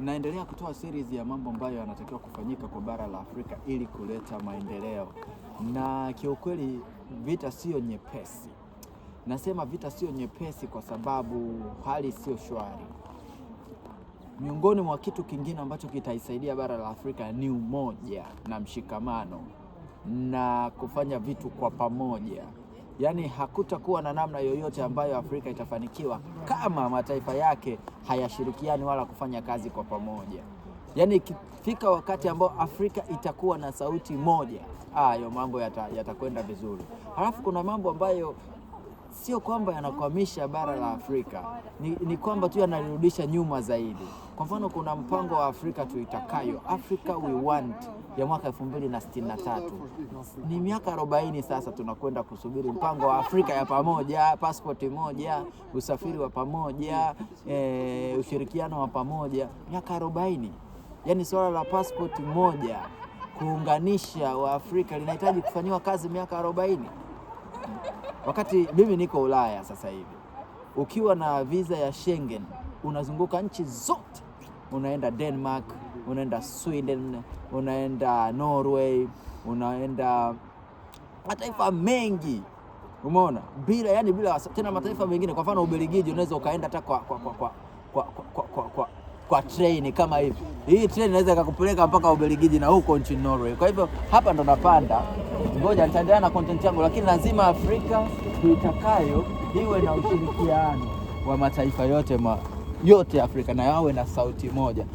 mnaendelea kutoa series ya mambo ambayo yanatakiwa kufanyika kwa bara la Afrika ili kuleta maendeleo, na kiukweli vita sio nyepesi. Nasema vita sio nyepesi kwa sababu hali sio shwari. Miongoni mwa kitu kingine ambacho kitaisaidia bara la Afrika ni umoja na mshikamano na kufanya vitu kwa pamoja. Yaani hakutakuwa na namna yoyote ambayo Afrika itafanikiwa kama mataifa yake hayashirikiani wala kufanya kazi kwa pamoja. Yaani ikifika wakati ambao Afrika itakuwa na sauti moja, ah, hayo mambo yatakwenda yata vizuri. Halafu kuna mambo ambayo sio kwamba yanakwamisha bara la Afrika, ni, ni kwamba tu yanarudisha nyuma zaidi. Kwa mfano, kuna mpango wa Afrika tuitakayo Africa we want ya mwaka 2063 ni miaka 40 sasa, tunakwenda kusubiri mpango wa Afrika ya pamoja, pasipoti moja, usafiri wa pamoja, e, ushirikiano wa pamoja, miaka 40. Yaani swala la pasipoti moja kuunganisha Waafrika linahitaji kufanyiwa kazi miaka 40. Wakati mimi niko Ulaya sasa hivi, ukiwa na visa ya Schengen unazunguka nchi zote, unaenda Denmark, unaenda Sweden, unaenda Norway, unaenda mataifa mengi umeona, bila yani bila tena mataifa mengine. Kwa mfano Ubelgiji unaweza ukaenda hata kwa, kwa, kwa, kwa, kwa, kwa, kwa, kwa, kwa treni kama hivi. Hii treni inaweza ikakupeleka mpaka Ubelgiji na huko nchini Norway. Kwa hivyo hapa ndo napanda ngoja nitaendelea na content yangu, lakini lazima Afrika tuitakayo iwe na ushirikiano wa mataifa yote ma, yote Afrika na yawe na sauti moja.